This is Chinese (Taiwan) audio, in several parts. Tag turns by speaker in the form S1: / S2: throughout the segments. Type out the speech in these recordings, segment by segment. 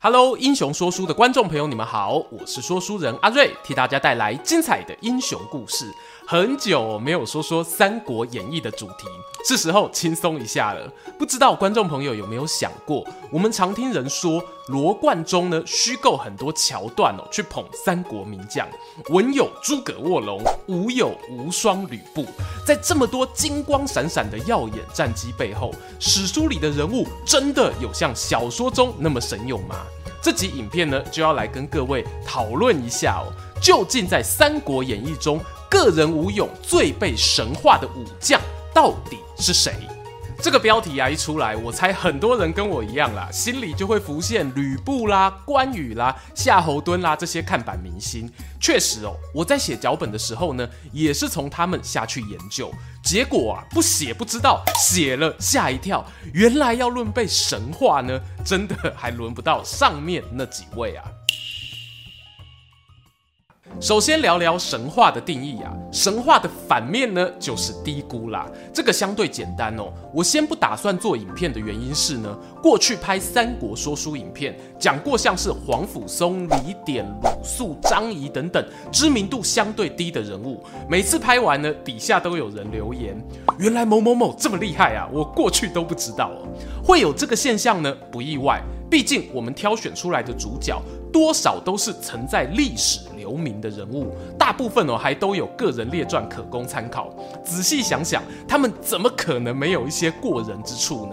S1: Hello，英雄說書的觀眾朋友，你們好，我是說書人阿睿，替大家帶來精彩的英雄故事。很久沒有說說《三國演義》的主題，是時候輕鬆一下了。不知道觀眾朋友有沒有想過，我們常聽人說，羅貫中呢，虛構很多橋段哦，去捧三國名將，文有諸葛臥龍，武有無雙呂布。在這麼多金光閃閃的耀眼戰績背後，史書裡的人物真的有像小說中那麼神勇嗎？這集影片呢，就要來跟各位討論一下哦，究竟在《三國演義》中，個人武勇最被神化的武將到底是誰？這個標題啊一出來，我猜很多人跟我一樣啦，心裡就會浮現呂布啦、關羽啦、夏侯惇啦這些看板明星。確實哦，我在寫腳本的時候呢，也是從他們下去研究。結果啊，不寫不知道，寫了嚇一跳。原來要論被神化呢，真的還輪不到上面那幾位啊。首先聊聊神話的定義啊，神話的反面呢就是低估啦。這個相對簡單哦。我先不打算做影片的原因是呢，過去拍三國說書影片，講過像是皇甫嵩、李典、魯肅、張嶷等等知名度相對低的人物，每次拍完呢，底下都有人留言，原來某某某這麼厲害啊，我過去都不知道哦。會有這個現象呢，不意外。畢竟，我們挑選出來的主角多少都是曾在歷史留名的人物，大部分哦還都有個人列傳可供參考。仔細想想，他們怎麼可能沒有一些過人之處呢？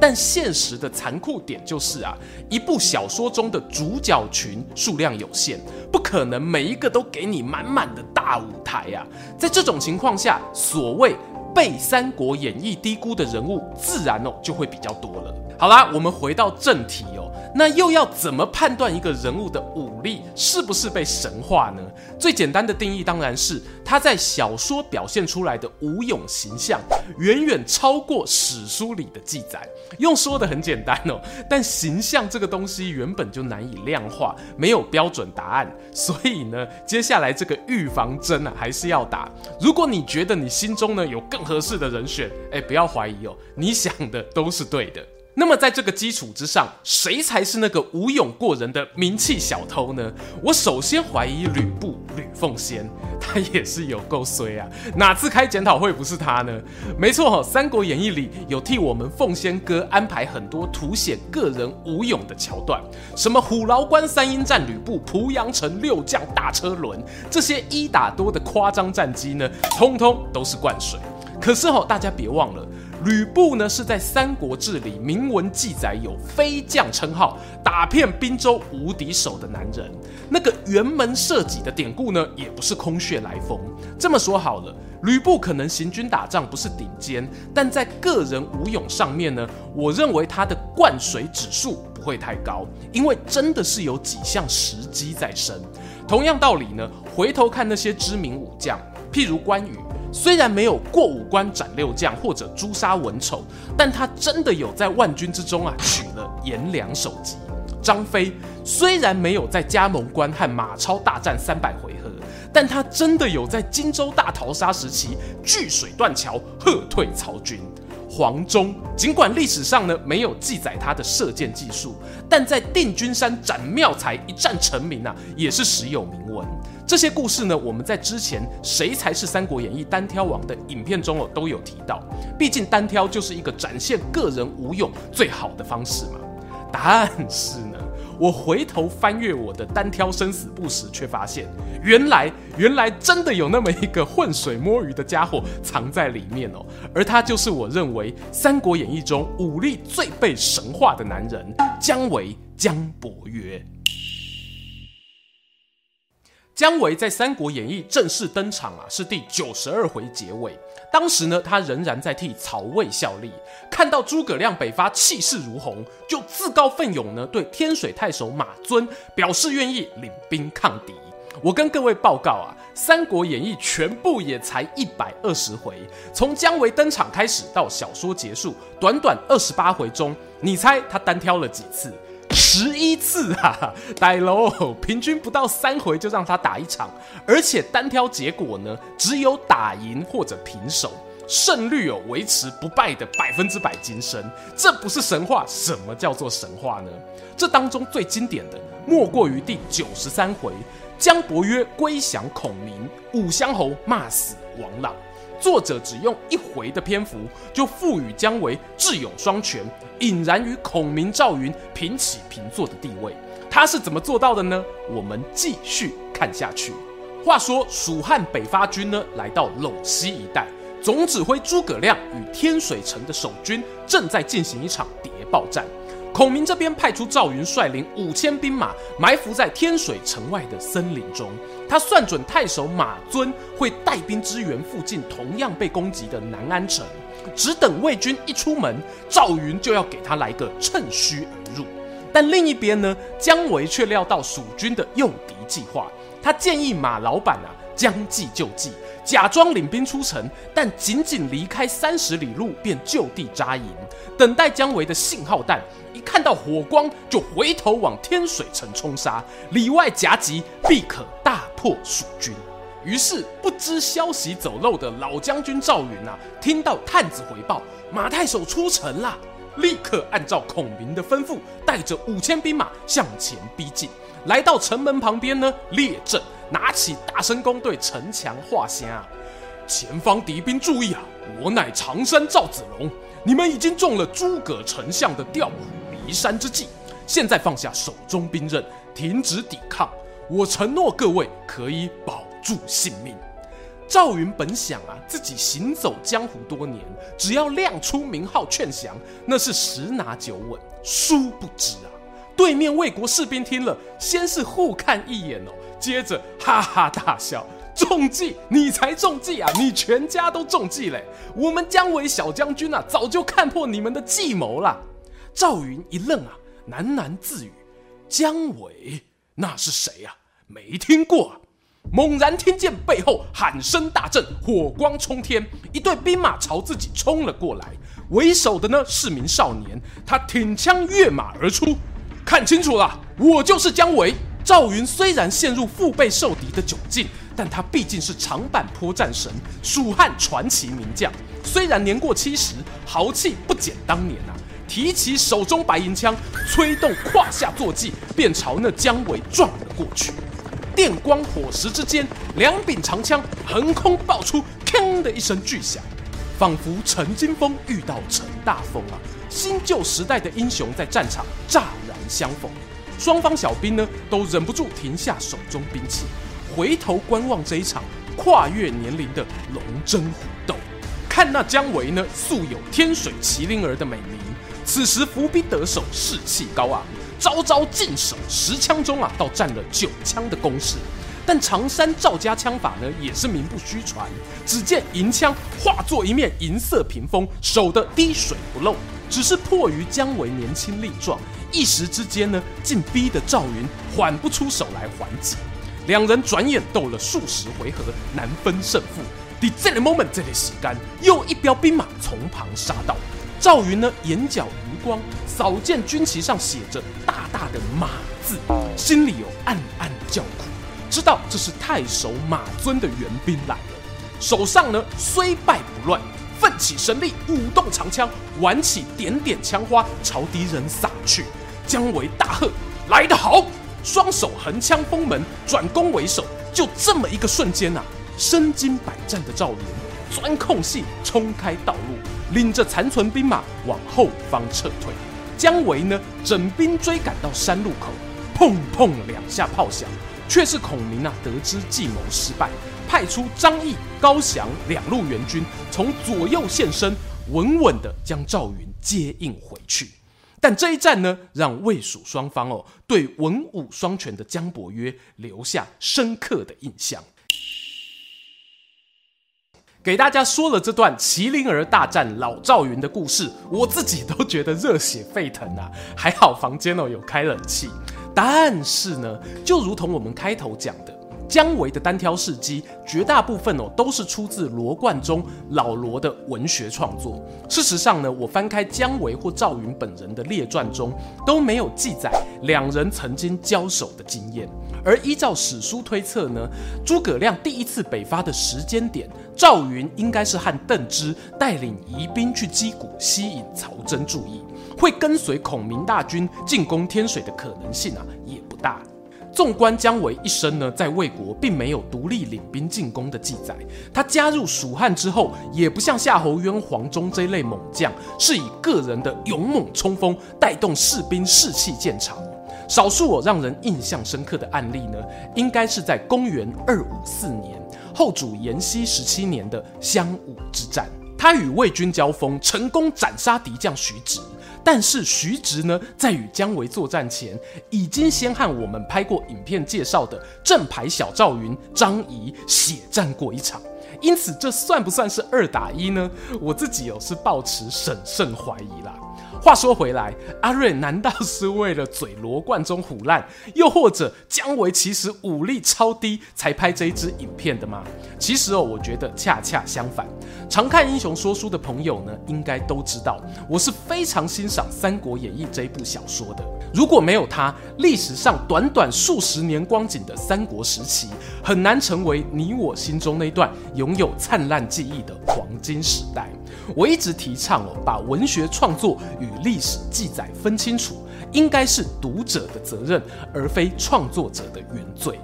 S1: 但現實的殘酷點就是啊，一部小說中的主角群數量有限，不可能每一個都給你滿滿的大舞台啊。在這種情況下，所謂被《三國演義》低估的人物，自然哦就會比較多了。好啦，我們回到正題哦。那又要怎麼判斷一個人物的武力是不是被神化呢？最簡單的定義當然是他在小說表現出來的武勇形象遠遠超過史書裡的記載。用說的很簡單哦，但形象這個東西原本就難以量化，沒有標準答案。所以呢，接下來這個預防針呢，啊，還是要打。如果你覺得你心中呢有更合適的人選，哎，不要懷疑哦，你想的都是對的。那麼在這個基礎之上，誰才是那個武勇過人的名氣小偷呢？我首先懷疑呂布、呂奉先，他也是有夠衰啊！哪次開檢討會不是他呢？沒錯吼，《三國演義》裡有替我們奉先哥安排很多凸顯個人武勇的橋段，什麼虎牢關三英戰呂布、濮陽城六將大車輪，這些一打多的誇張戰績呢，通通都是灌水。可是哦，大家別忘了。呂布呢，是在《三國志》裡明文記載有飛將稱號，打遍并州無敵手的男人。那個轅門射戟的典故呢，也不是空穴來風。這麼說好了，呂布可能行軍打仗不是頂尖，但在個人武勇上面呢，我認為他的灌水指數不會太高，因為真的是有幾項實績在身。同樣道理呢，回頭看那些知名武將。譬如關羽，雖然沒有過五關斬六將或者誅殺文醜，但他真的有在萬軍之中啊取了顏良首級。張飛雖然沒有在葭萌關和馬超大戰三百回合，但他真的有在荊州大逃殺時期據水斷橋，喝退曹軍。黃忠儘管歷史上呢沒有記載他的射箭技術，但在定軍山斬妙才一戰成名啊，也是史有明文。這些故事呢，我們在之前《誰才是三國演義單挑王》的影片中哦，都有提到。畢竟單挑就是一個展現個人武勇最好的方式嘛。但是呢，我回頭翻閱我的單挑生死簿時，却發現原來原來真的有那麼一個渾水摸魚的家伙藏在裡面哦，而他就是我認為三國演義中武力最被神化的男人——姜維、姜伯約。姜維在《三國演義》正式登場啊，是第九十二回結尾。當時呢，他仍然在替曹魏效力，看到諸葛亮北伐氣勢如虹，就自告奮勇呢，對天水太守馬遵表示願意領兵抗敵。我跟各位報告啊，《三國演義》全部也才一百二十回，從姜維登場開始到小說結束，短短二十八回中，你猜他單挑了幾次？十一次啊，歹佬平均不到三回就讓他打一場，而且單挑結果呢，只有打贏或者平手，勝率哦，維持不敗的百分之百金身，這不是神話。什麼叫做神話呢？這當中最經典的莫過於第九十三回，姜伯約歸降孔明，武鄉侯罵死王朗。作者只用一回的篇幅，就賦予姜維智勇雙全、隱然與孔明、趙雲平起平坐的地位。他是怎麼做到的呢？我們繼續看下去。話說蜀漢北伐軍呢，來到隴西一帶，總指揮諸葛亮與天水城的守軍正在進行一場諜報戰。孔明這邊派出趙雲率領五千兵馬埋伏在天水城外的森林中，他算準太守馬遵會帶兵支援附近同樣被攻擊的南安城，只等魏軍一出門，趙雲就要給他來個趁虛而入。但另一邊呢，姜維卻料到蜀軍的誘敵計劃，他建議馬老闆啊將計就計，假裝領兵出城，但僅僅離開三十里路便就地紮營，等待姜維的信號彈，看到火光就回頭往天水城衝殺，裡外夾擊，必可大破蜀軍。於是不知消息走漏的老將軍趙雲啊，聽到探子回報馬太守出城了，啊，立刻按照孔明的吩咐，帶着五千兵馬向前逼近，來到城門旁邊呢，列陣，拿起大神弓對城牆畫下。啊！前方敵兵注意啊！我乃常山趙子龍，你們已經中了諸葛丞相的調虎。移山之計，現在放下手中兵刃，停止抵抗。我承諾各位可以保住性命。趙雲本想啊，自己行走江湖多年，只要亮出名號勸降，那是十拿九穩。殊不知啊，對面魏國士兵聽了，先是互看一眼哦，接着哈哈大笑：中計！你才中計啊！你全家都中計嘞！我們姜維小將軍啊，早就看破你們的計謀啦。趙雲一愣啊，喃喃自語：“姜維，那是誰啊？沒聽過啊。”猛然聽見背後喊聲大震，火光衝天，一隊兵馬朝自己衝了過來。為首的呢是名少年，他挺槍躍馬而出，看清楚了，我就是姜維。趙雲雖然陷入腹背受敵的窘境，但他畢竟是長坂坡戰神、蜀漢傳奇名將，雖然年過七十，豪氣不減當年啊。提起手中白銀槍，催動胯下坐騎，便朝那姜維撞了過去。電光火石之間，兩柄長槍橫空爆出，砰的一聲巨響，仿佛陳金鋒遇到陳大豐啊！新舊時代的英雄在戰場乍然相逢，雙方小兵呢都忍不住停下手中兵器，回頭觀望這一場跨越年齡的龍爭虎鬥。看那姜維呢，素有天水麒麟兒的美名。此時伏兵得手，士氣高昂、啊，招招進手，十槍中啊，倒占了九槍的攻勢。但常山趙家槍法呢，也是名不虛傳。只見銀槍化作一面銀色屏風，守得滴水不漏。只是迫於姜維年輕力壯，一時之間呢，竟逼得趙雲緩不出手來還擊。兩人轉眼鬥了數十回合，難分勝負。在這一 moment，這一時間，又一彪兵馬從旁殺到。趙雲呢，眼角餘光掃見軍旗上寫着大大的“馬”字，心裡有暗暗的叫苦，知道這是太守馬遵的援兵來了。手上呢，雖敗不亂，奮起神力，舞動長槍，挽起點點槍花朝敵人撒去。姜維大喝：“來得好！”雙手橫槍封門，轉攻為守。就這麼一個瞬間吶、啊，身經百戰的趙雲鑽空隙衝開道路。領着殘存兵馬往後方撤退，姜維呢整兵追趕到山路口，砰砰兩下炮響，卻是孔明啊得知計謀失敗，派出張翼、高翔兩路援軍從左右現身，穩穩的將趙雲接應回去。但這一戰呢，讓魏蜀雙方哦對文武雙全的姜伯約留下深刻的印象。給大家說了這段麒麟兒大戰老趙雲的故事，我自己都覺得熱血沸騰啊！還好房間哦有開冷氣，但是呢，就如同我們開頭講的。姜維的單挑事蹟，絕大部分哦都是出自羅貫中老羅的文學創作。事實上呢，我翻開姜維或趙雲本人的列傳中，都沒有記載兩人曾經交手的經驗。而依照史書推測呢，諸葛亮第一次北伐的時間點，趙雲應該是和鄧芝帶領疑兵去箕谷，吸引曹真注意，會跟隨孔明大軍進攻天水的可能性啊也不大。縱觀姜維一生呢，在魏國並沒有獨立領兵進攻的記載。他加入蜀漢之後，也不像夏侯淵、黃忠這類猛將，是以個人的勇猛衝鋒帶動士兵士氣見長。少數我讓人印象深刻的案例呢，應該是在公元二五四年後主延熙十七年的襄武之戰。他與魏軍交鋒，成功斬殺敵將徐質。但是徐質呢，在與姜維作戰前，已經先和我們拍過影片介紹的正牌小趙雲張嶷血戰過一場。因此，這算不算是二打一呢？我自己也是抱持審慎懷疑啦。話說回來，阿瑞難道是為了嘴羅貫中唬爛，又或者姜維其實武力超低才拍這一支影片的嗎？其實哦，我覺得恰恰相反。常看英雄說書的朋友呢，應該都知道，我是非常欣賞《三國演義》這一部小說的。如果沒有它，歷史上短短數十年光景的三國時期，很難成為你我心中那段擁有燦爛記憶的黃金時代。我一直提倡，哦、把文學創作與歷史記載分清楚，應該是讀者的責任，而非創作者的原罪。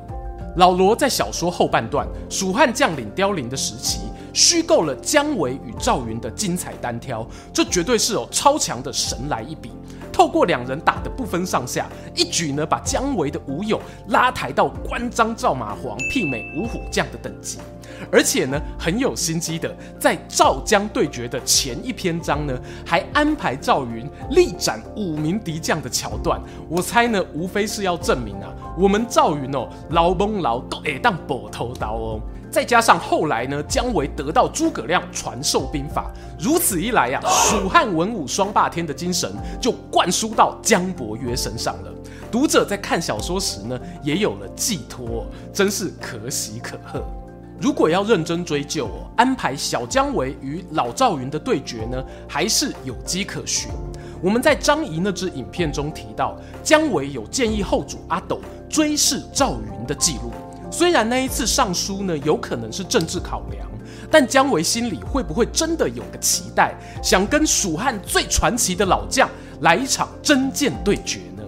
S1: 老羅在小說後半段，蜀漢將領凋零的時期，虛構了姜維與趙雲的精彩單挑，這絕對是有，哦、超強的神來一筆。透過兩人打得不分上下，一舉呢把姜維的武勇拉抬到關張趙馬黃媲美五虎將的等級。而且呢，很有心機的，在趙姜對決的前一篇章呢，還安排趙雲力斬五名敵將的橋段。我猜呢，無非是要證明啊，我們趙雲哦，勞崩勞，都得當拔頭刀哦。再加上後來呢，姜維得到諸葛亮傳授兵法，如此一來呀、啊，蜀漢文武雙霸天的精神就灌輸到姜伯約身上了。讀者在看小說時呢，也有了寄託、哦，真是可喜可賀。如果要認真追究，安排小姜維與老趙雲的對決呢，還是有跡可循。我們在張儀那支影片中提到，姜維有建議後主阿斗追諡趙雲的記錄。雖然那一次上書呢，有可能是政治考量，但姜維心裡會不會真的有個期待，想跟蜀漢最傳奇的老將來一場真劍對決呢？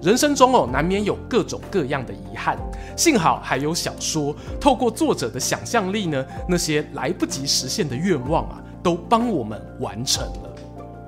S1: 人生中哦，難免有各種各樣的遺憾。幸好還有小說，透過作者的想象力呢，那些來不及實現的願望啊，都幫我們完成了。